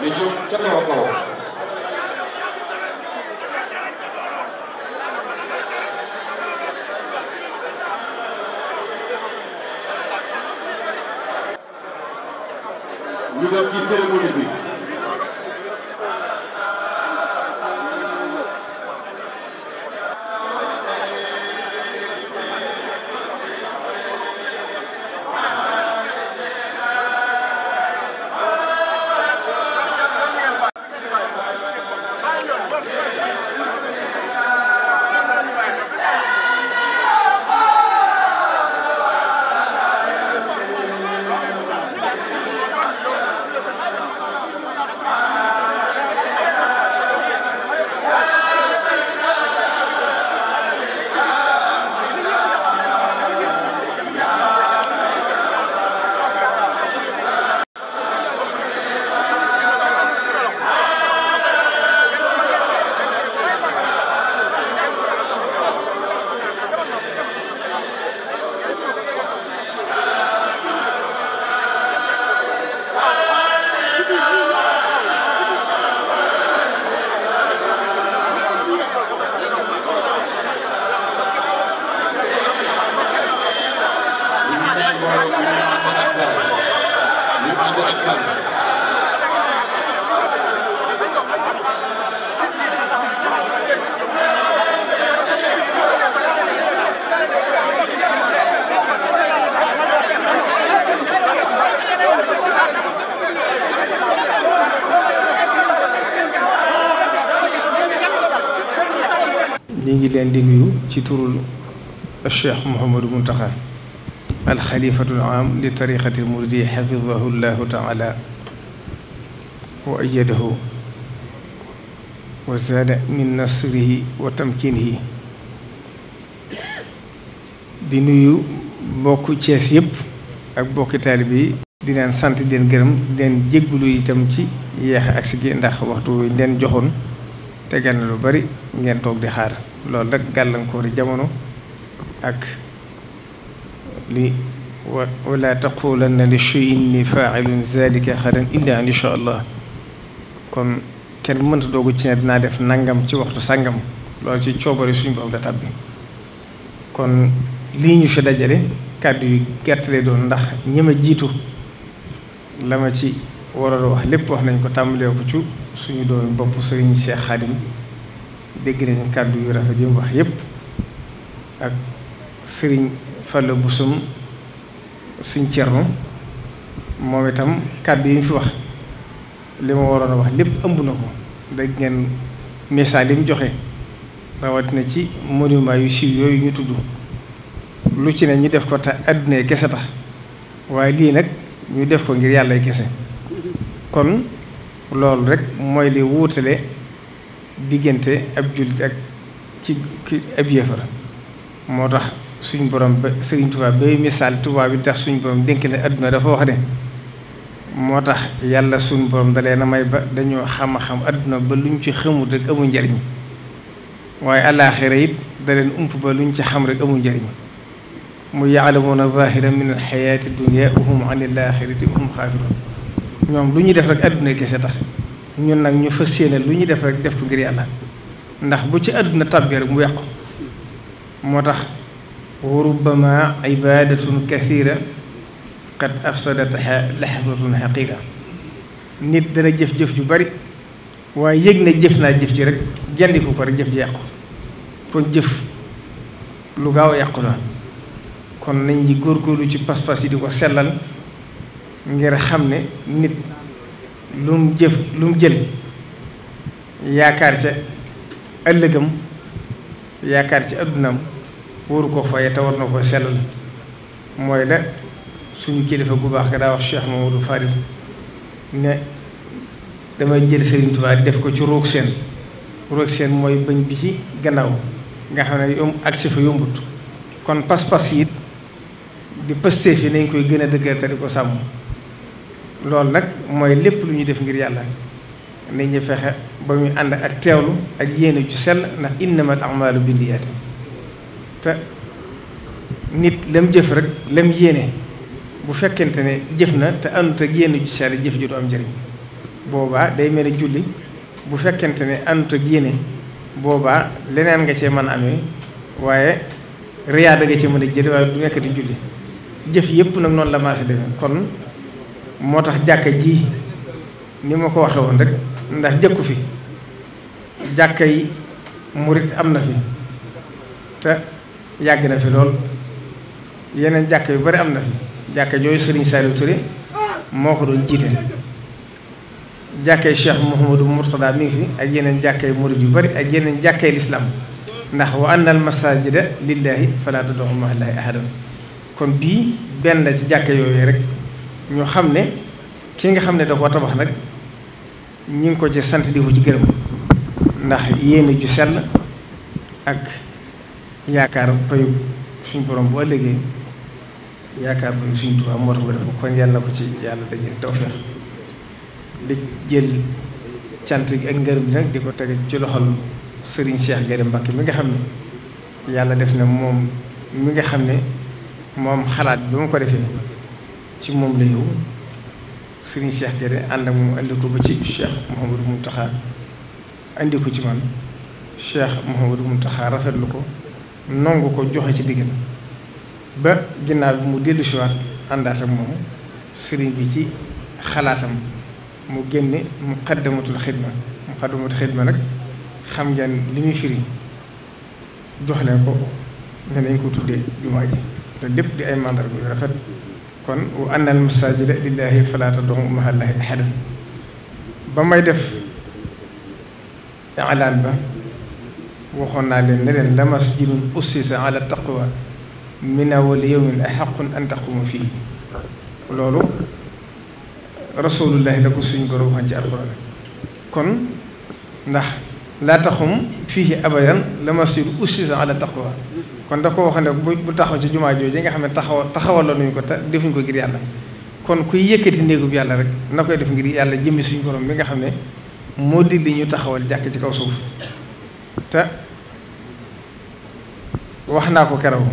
na jóg ca kaw a kaw leen di nuyu ci turul Cheikh Mouhamadou Mountakha alxalifatul am li tariqati muridi xafidahu llahu taala wa wa zaada min nasrihi wa tamkinihi di nuyu bokk Cees yépp ak bokki taalib yi di leen sant den gërëm di leen jéggulu itam ci yeexe ak si gi ndax waxtu leen joxoon tegal na lu bari ngeen toog di xaar loolu rek gàllankoori jamono ak li wa wala taqulanna li shay inni faa'ilun zalika xadan illa an insha allah kon kenn mënta doogu ci ne dinaa def nangam ci waxtu sàngam loolu ci coobare suñu borom da tàbbi kon lii ñu fi dajale kàddu yu gàtt lay doon ndax ñi ma jiitu la ma ci waroon wax lépp wax nañ ko tàmbalee ko ci suñu doon bopp sëriñ Cheikh Xaadim dégg nañu kàddu yu rafet yi mu wax yépp ak sëriñ bu Boussoum suñ Thierno moom itam kàddu yi mu fi wax li ma waroon a wax lépp ëmb na ko dégg ngeen message yi mu joxe rawatina ci monument yu siiw yooyu ñu tudd lu ci ne ñu def ko te àdduna kese tax waaye lii nag ñu def ko ngir yàlla kese kon loolu rek mooy li wuutale diggante ab jullit ak ci ki ab yéefar moo tax suñ borom ba sëriñ Tuubaa bay misaal Tuubaa bi tax suñ borom dénk ne adduna dafa wax ne moo tax yàlla suñ borom dalee na may ba dañoo xam àdduna adduna ba luñ ci xamut rek amul njariñ waaye alaaxira it da leen ump ba luñ ci xam rek amul njariñ mu yaalamuuna zahiran min alxayaati dunia wa hum an alaaxirati hum xaafiroon ñoom lu ñu def rek adduna kese tax ñun nag ñu fas yéene lu ñu def rek def ko ngir yàlla ndax bu ci àdduna tàbbee rek mu yàqu moo tax wa rubbama ibadatun kathira qad afsadat lahdatun haqiira nit dana jëf jëf ju bari waaye yëg na jëf naa jëf ji rek jandiku ko rek jëf ji yàqu kon jëf lu gaaw yàqu la kon nañ góor góorlu ci pas-pas yi di ko sellal ngir xam ne nit lu mu jëf lu jël yaakaar ca ëllëgam yaakaar ci addunaam wóoru ko faye te war na ko sellal mooy la suñu kilifa gu baax ga daa wax Cheikh Mamadou Farid ne damay jël seen Touba di def ko ci roog seen roog seen mooy bëñ bi ci gannaaw nga xam ne yomb ak fa yombut kon pas-pas yi di pëstee fi nañ koy gën a dëggal te di ko sàmm loolu nag mooy lépp lu ñuy def ngir yàlla nit ñi fexe ba muy ànd ak teewlu ak yéene ju sell ndax innamal a'maalu binniyaati te nit lam jëf rek lam yéene bu fekkente ne jëf na te àndut ak yéene ju sell jëf ju du am njëriñ boobaa day mel ne julli bu fekkente ne àndut ak yéene boobaa leneen nga cee mën a amee waaye riyaada nga cee mën a jël waaye du nekk di julli jëf yëpp nag noonu la maase demee kon moo tax jàkka ji ni ma ko waxe woon rek ndax jëkku fi jàkka yi murit am na fi te yàgg na fi lool yeneen jàkka yu bari am na fi jàkka yooyu sëriñ Saliou Touré moo ko doon jiite jàkkee Cheikh Mouhamadou Mourtada mi ngi fi ak yeneen jàkkee murid yu bari ak yeneen jàkkee lislaam ndax wa na al masajida lillahi fala tad'u ma'a llahi ahadan kon bii benn ci jàkkee yooyu rek ñoo xam ne kii nga xam ne da koo tabax nag ñu ngi ko ci sant di ko ci gërëm ndax yéene ju sell ak yaakaar payu suñu boroom bu ëllëgee yaakaar payu suñ Tuubaa moo tax ko def kon yàlla na ko ci yàlla dajale tawfeex di jël cant gi ak ngërëm bi nag di ko tege ci loxol Serigne Cheikh Gaïndé Mbacké mi nga xam ne yàlla def na moom mi nga xam ne moom xalaat bi mu ko defee ci moom la ñëw sëriñ Cheikh Diarra ànd ak moom andi ko ba ci Cheikh Mouhamadou Mountakha andi ko ci man Cheikh Mouhamadou rafet lu ko nangu ko joxe ci diggal ba ginnaaw bi mu dellu si àndaat ak moom sëriñ bi ci xalaatam mu génne mu xaddamatul xidma mu xaddamatul xidma nag xam ngeen li muy firi jox leen ko ne nañ ko tuddee jumaa ji lépp di ay mandarga rafet. kon wa anna al masajida lillahi fala tad'u ma'a allahi ahadan ba may def alaan ba waxoon naa leen ne leen la masjidun ussisa ala taqwa min awwal yawmin ahaqqu an fii loolu rasulullahi la ko suñ ko waxoon ci alxuraan kon ndax laa taxum fiihi abadan la masjid ussisa ala taqwa kon da ko wax ne bu taxaw ci jumaa jooju nga xam ne taxaw taxawaloon ko ta defuñ ko ngir yàlla kon kuy yëkkati néegub yàlla rek na koy def ngir yàlla jëmmi suñu borom bi nga xam ne moo di li ñu taxawal jàkk ci kaw suuf te wax naa ko keroog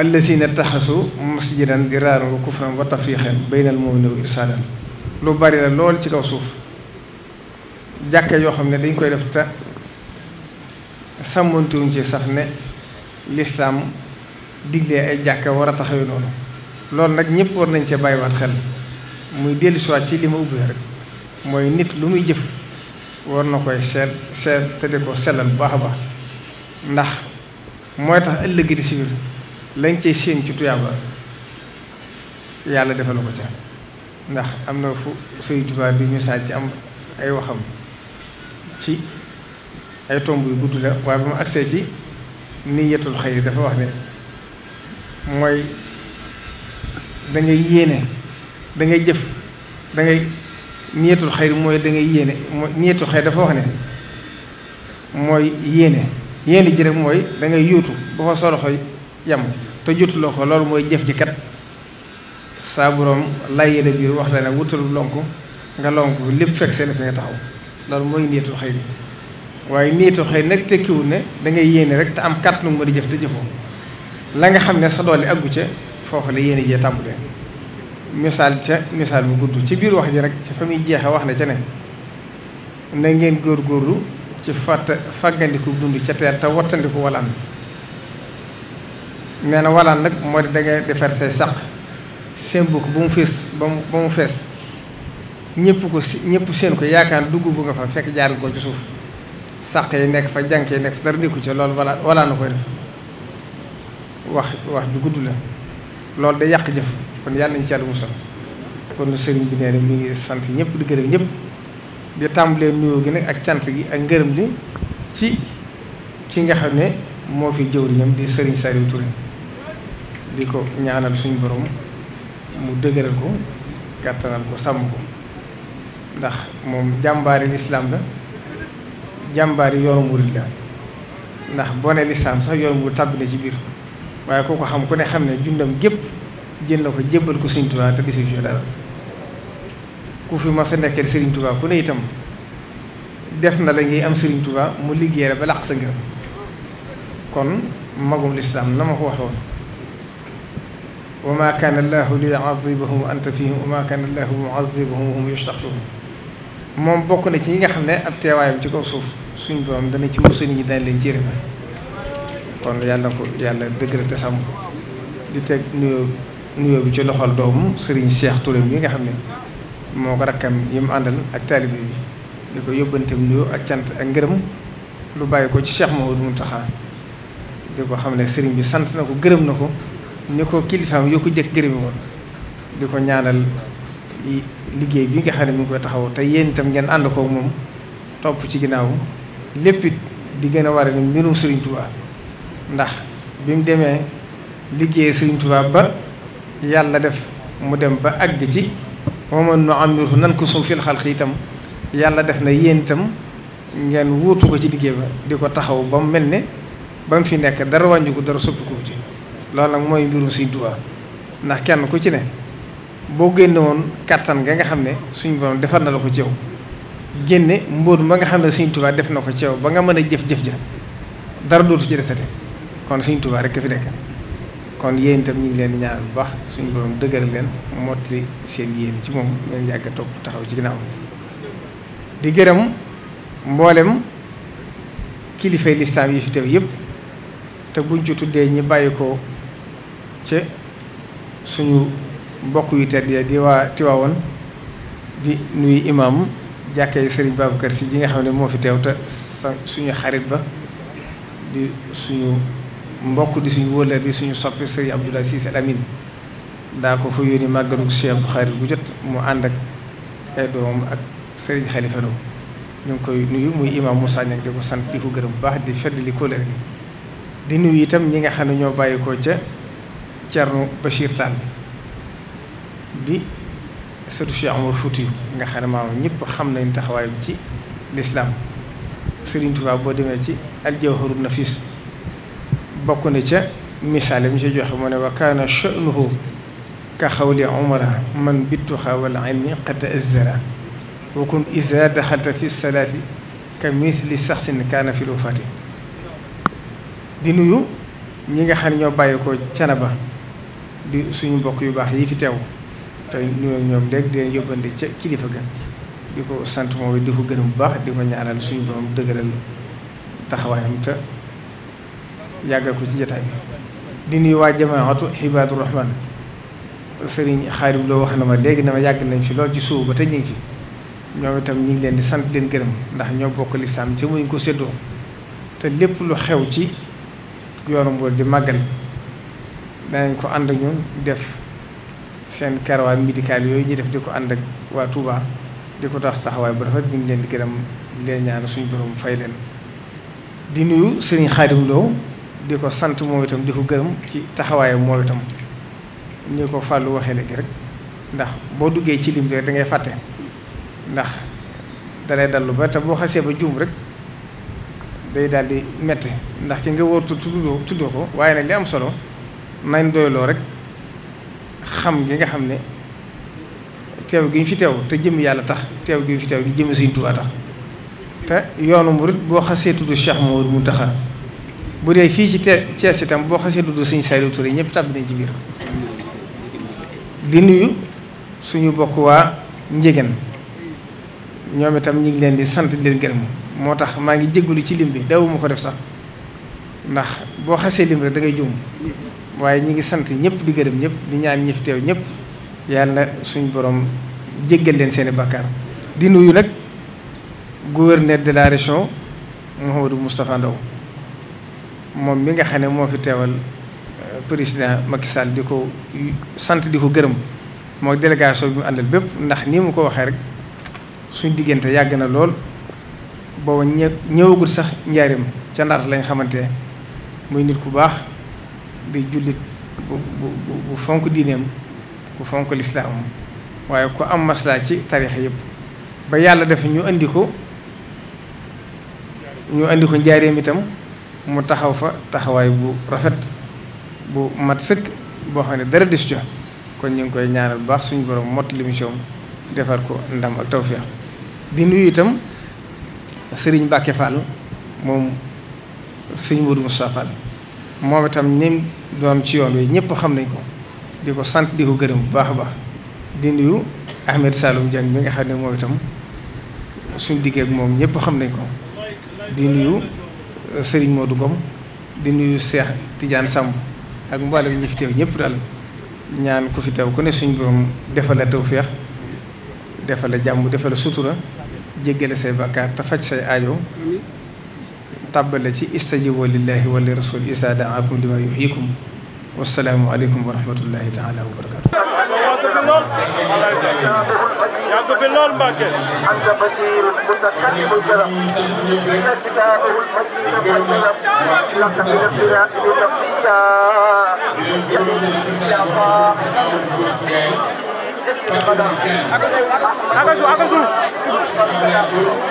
ne taxasu masjidan diraaran wa kufran wa tafriqan bayna al mu'minin wa irsaadan lu bari la lool ci kaw suuf jàkka yoo xam ne dañ koy def te sàmmantuwuñ ci sax ne lislaam diglee ay jàkka war a taxawee noonu loolu nag ñëpp war nañ cee bàyyiwaat xel muy dellu siwaat ci li ma ubbee rek mooy nit lu muy jëf war na koy seet seet te di ko sellal bu baax a baax ndax mooy tax ëllëg di si lañ cay séen ci tuyaaba yàlla defal ko ca ndax am na fu Sëriñ Tuubaa bi ñu saaj ci am ay waxam ci ay tomb yu gudd la waaye ba ma agsee ci niyatul xëy dafa wax ne mooy dangay yéene da ngay jëf dangay ngay niyatul xëy mooy da ngay yéene mooy dafa wax ne mooy yéene yéene ji rek mooy da ngay yuutu ba fa soroxo yam te jutuloo ko loolu mooy jëf ji kat saa lay yéene biir wax la ne wutal lonk nga lonk lépp fekk seen fi nga taxaw loolu mooy niyatul xayri waaye niyatul xayri nag tekkiwul ne da ngay yéene rek te am kàttanu mën a jëf te jëfoo la nga xam ne sa doole aggu ca foofu la yéene jee tàmbulee misaal ca misaal bu gudd ci biir wax ji rek ca fa muy jeexe wax na ca ne na ngeen góorlu ci fàtt fàggandiku dund ca teer te wattandiku walaan nee na walaan nag moo di da ngay defar say saq sémbu ko ba mu fees ba ba mu fees ñëpp ko si ñëpp seen ko yaakaar dugg bu nga fa fekk jaar ko ci suuf sàq yi nekk fa jànk yi nekk fa dara nekku ca loolu wala walaa na koy def wax wax ju gudd la loolu de yàq jëf kon yàlla nañ ci yàlla musal kon sëriñ bi nee na mi ngi sant ñëpp di gërëm ñëpp di tàmbalee nuyoo gi nag ak cant gi ak ngërëm li ci ci nga xam ne moo fi jëwriñam di sëriñ Saliou Touré di ko ñaanal suñu borom mu dëgëral ko gàttanal ko sàmm ko ndax moom jàmbaari lislaam la jàmbaari yoonu murid la ndax boo ne lislaam sax yoonu murid tàbbi na ci biir waaye koo ko xam ku ne xam ne jundam gépp jël ko jébbal ko Sëriñ Tuubaa te disi jox dara ku fi mas a nekkee Sëriñ Tuubaa ku ne itam def na la ngay am Sëriñ Tuubaa mu liggéey la ba làq sa ngërëm kon magum lislaam na ma ko waxoon wa ma kaana allaahu liyu'adhibahum wa anta fihim wa ma kaana allaahu mu'adhibahum wa hum yastaghfiruun moom bokk na ci ñi nga xam ne ak teewaayam ci ko suuf suñ borom dana ci musal nit ñi dañ leen jërëma kon yàlla ko yàlla dëgëral te sàmm di teg nuyoo nuyoo bi ci loxol doomu Serigne Cheikh Touré mi nga xam ne moo ko rakkam yi mu àndal ak taalibe bi di ko yóbbanteem nuyoo ak cant ak ngërëm lu bàyyi ko ci Cheikh Maodo Mountakha di ko xam ne Serigne bi sant na ko gërëm na ko ni ko kilifaam yoo ko jëkk gërëmi woon di ko ñaanal. liggéey bi nga xam ne mi ngi koy taxaw te yéen itam ngeen ànd ko moom topp ci ginnaaw lépp it di gën a war a ni mbirum Serigne Touba ndax bi mu demee liggéey Serigne Touba ba yàlla def mu dem ba àgg ci moom nu amirhu nan ko suuf fil xalq itam yàlla def na yéen itam ngeen wuutu ko ci liggéey ba di ko taxaw ba mu mel ni ba mu fi nekk dara wàññi ko dara soppi ko ci loolu nag mooy mbirum Serigne Touba ndax kenn ku ci ne. boo génne woon kattan ga nga xam ne suñu borom defar na la ko ci yow génne mbóot ma nga xam ne suñu Tuubaa def na ko ci yow ba nga mën a jëf-jëf ja dara dootu ci desate kon suñu Tuubaa rekk fi nekk kon yéen itam ñu ngi leen di ñaan bu baax suñu borom dëgëral leen mottali seen yéen ci moom ngeen yàgg a topp taxaw ci ginnaaw di gërëm mboolem kilifay lislaam yi fi teew yëpp te buñ ci tuddee ñi bàyyi ko ca suñu mbokk yu tedd ya diwaa waa di nuyu imam jàkkee Serigne Babacar si ji nga xam ne moo fi teew te sa suñu xarit ba di suñu mbokk di suñu wëla di suñu soppi Serigne Abdoulaye Cissé Al Amine daa ko fa yónni màggalu Cheikh Bukhari bu jot mu ànd ak ay doomam ak Serigne Khalifa Lo ñu ngi koy nuyu muy imam mu Niang di ko sant di ko gërëm bu baax di fedd li kóolare gi di nuyu itam ñi nga xam ne ñoo bàyyi ko ca Thierno Bachir Tall di sëtu Cheikh Omar Fouti nga xam ne maanaam ñëpp xam nañ taxawaayam ci lislaam Sëriñ Tuubaa boo demee ci aljawharu nafis bokk na ca misaal mi ci joxe mu ne wa kaana sha'nuhu ka xawli umara man bittuxa wal ilmi qad azzara wa kun iza daxalta fi salaati ka mithli saxsin kaana fi lufaati di nuyu ñi nga xam ne ñoo bàyyi ko canaba di suñu mbokk yu baax yi fi teew te nuyoo ñoom léegi dina yóbbante ca kilifa ga di ko sant moom di ko gërëm bu baax di ko ñaanal suñu borom dëgëral taxawaayam te yàggal ko ci jataay bi. di nuyu waa jamaatu xibaadu rahman sëriñ xaarim loo wax na ma léegi dama yàgg nañ fi lool ci suuf ba te ñu ngi fi ñoom itam ñu ngi leen di sant leen gërëm ndax ñoo bokk lislaam ci muñ ko seddoo te lépp lu xew ci yoonu Mbour di màggal danañ ko ànd ñun def. seen karawaan médical yooyu ñu def di ko ànd ak waa tuuba di ko tax taxawaay ba dafa ñu leen di gërëm di leen ñaan suñu borom fay leen. di nuyu Serigne Khadim Lo di ko sant moo itam di ko gërëm ci taxawaayam moo itam ni ko Fallou waxee léegi rek ndax boo duggee ci lim rek da ngay fàtte ndax dalay dallu ba te boo xasee ba juum rek. day daal di metti ndax ki nga wóor tuddoo tuddoo ko waaye nag li am solo nañ doyloo rek xam gi nga xam ne teew gi ñu fi teew te jëm yàlla tax teew gi ñu fi teew jëm Sëriñ Tuubaa tax te yoonu murit boo xasee tudd Cheikh mu Mountakha bu dee fii ci te Thiès itam boo xasee tudd Sëriñ Saliou Touré ñëpp tàbbi dañ ci biir di nuyu suñu bokk waa Njëgeen ñoom itam ñu ngi leen di sant di leen gërëm moo tax maa ngi jégalu ci lim bi dawuma ko def sax ndax boo xasee lim rek da ngay juum waaye ñi ngi sant ñëpp di gërëm ñëpp di ñaan ñi fi teew ñëpp yàlla na suñ borom jéggal leen seeni bàkkaar di nuyu nag gouverneur de la région Mouhamadou Moustapha Ndaw moom mi nga xam ne moo fi teewal euh, président Macky Sall di ko sant di ko gërëm mooy délégation bi mu àndal bépp ndax nii mu ko waxee rek suñ diggante yàgg na lool booba ñëwagul sax njaarim ca Ndar lañ xamante muy nit ku baax di jullit bu bu bu fonk diineem ku fonk lislaamam waaye ko am maslaa ci tarixa yëpp ba yàlla def ñu indi ko ñu indi ko njaareem itam mu taxaw fa taxawaay bu rafet bu mat sëkk boo xam ne dara dis jox kon ñu ngi koy ñaaral bu baax suñu borom mott l'émission defar ko ndam ak tawféex di nuyu itam sëriñ Mbàkke Fall moom sëñ Modou Moustapha Fall moom itam ñim doon ci yoon wi ñëpp xam nañ ko di ko sant di ko gërëm bu baax a baax di nuyu Ahmed Saloum Dieng bi nga xam ne moom itam suñu diggee ak moom ñëpp xam nañ ko di nuyu euh, Serigne Modou Ngom di nuyu Cheikh Tidiane Samb ak mboolem ñi fi teew ñëpp daal ñaan ku fi teew ku ne suñu borom defal la feex defal la jàmm defal la sutura jéggale say bakkaar te faj say aajo tàbbale ci istajibu lillahi wa li rasul isa daakum lima yuhyikum wasalaamu aleykum wa rahmatullahi taala wa barakatu yàgg fi lool yàgg fi lool Mbàkke anta basir mutakabbir karam kitaabuhul majid laqad nafsira nafsika akaju akaju